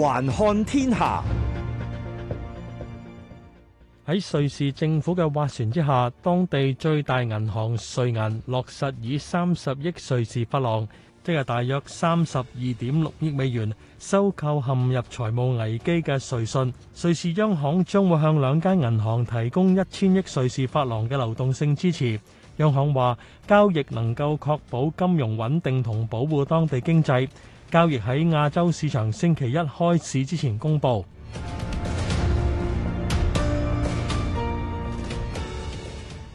環看天下，喺瑞士政府嘅斡旋之下，當地最大銀行瑞銀落實以三十億瑞士法郎，即係大約三十二點六億美元，收購陷入財務危機嘅瑞信。瑞士央行將會向兩間銀行提供一千億瑞士法郎嘅流動性支持。央行話交易能夠確保金融穩定同保護當地經濟。交易喺亞洲市場星期一開始之前公佈。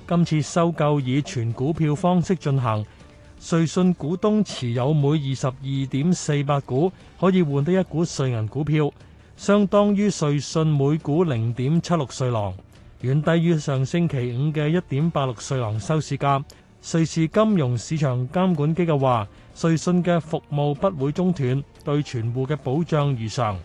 今次收購以全股票方式進行，瑞信股東持有每二十二點四八股可以換得一股瑞銀股票，相當於瑞信每股零點七六瑞郎，遠低於上星期五嘅一點八六瑞郎收市價。瑞士金融市場監管機構話，瑞信嘅服務不會中斷，對存戶嘅保障如常。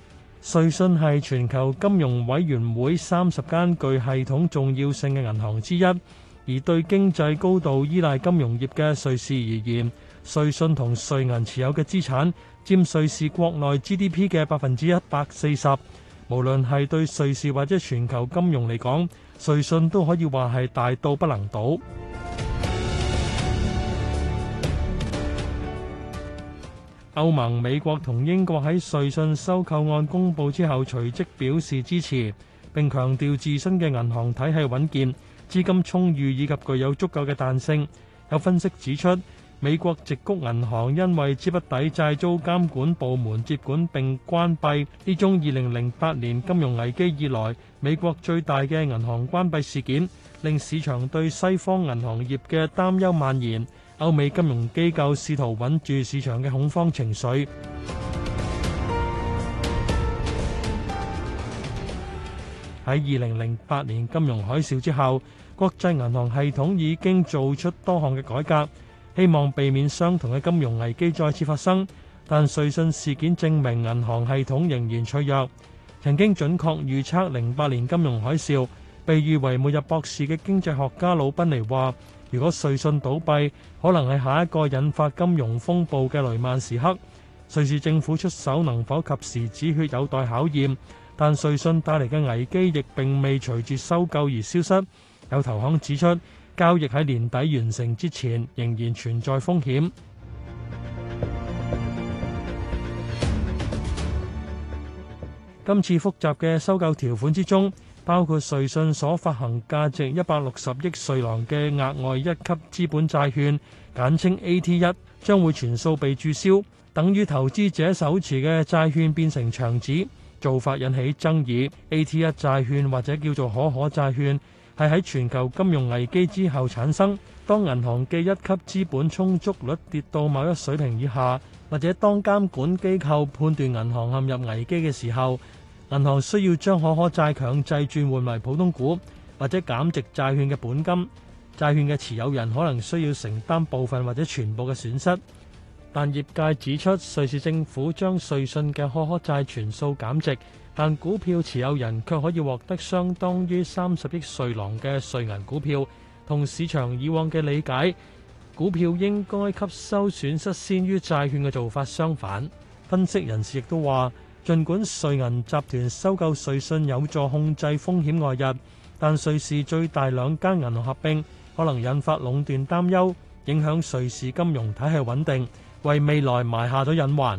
瑞信係全球金融委員會三十間具系統重要性嘅銀行之一，而對經濟高度依賴金融業嘅瑞士而言，瑞信同瑞銀持有嘅資產佔瑞士國內 GDP 嘅百分之一百四十。無論係對瑞士或者全球金融嚟講，瑞信都可以話係大到不能倒。歐盟、美國同英國喺瑞信收購案公佈之後，隨即表示支持，並強調自身嘅銀行體系穩健、資金充裕以及具有足夠嘅彈性。有分析指出，美國矽谷銀行因為資不抵債遭監管部門接管並關閉，呢宗二零零八年金融危機以來美國最大嘅銀行關閉事件，令市場對西方銀行業嘅擔憂蔓延。歐美金融機構試圖穩住市場嘅恐慌情緒，喺二零零八年金融海嘯之後，國際銀行系統已經做出多項嘅改革，希望避免相同嘅金融危機再次發生，但瑞信事件證明銀行系統仍然脆弱。曾經準確預測零八年金融海嘯，被譽為末日博士嘅經濟學家魯賓尼話，如果瑞信倒閉，可能係下一個引發金融風暴嘅雷曼時刻。瑞士政府出手能否及時止血，有待考驗。但瑞信帶嚟嘅危機亦並未隨住收購而消失。有投行指出，交易喺年底完成之前，仍然存在風險。今次複雜嘅收購條款之中，包括瑞信所發行價值一百六十億瑞郎嘅額外一級資本債券，簡稱 AT 一，將會全數被注銷，等於投資者手持嘅債券變成牆紙。做法引起爭議。AT 一債券或者叫做可可債券，係喺全球金融危機之後產生。當銀行嘅一級資本充足率跌到某一水平以下，或者當監管機構判斷銀行陷入危機嘅時候。銀行需要將可可債強制轉換為普通股，或者減值債券嘅本金。債券嘅持有人可能需要承擔部分或者全部嘅損失。但業界指出，瑞士政府將瑞信嘅可可債全數減值，但股票持有人卻可以獲得相當於三十億瑞郎嘅瑞銀股票。同市場以往嘅理解，股票應該吸收損失先於債券嘅做法相反。分析人士亦都話：儘管瑞銀集團收購瑞信有助控制風險外溢，但瑞士最大兩間銀行合併可能引發壟斷擔憂，影響瑞士金融體系穩定，為未來埋下咗隱患。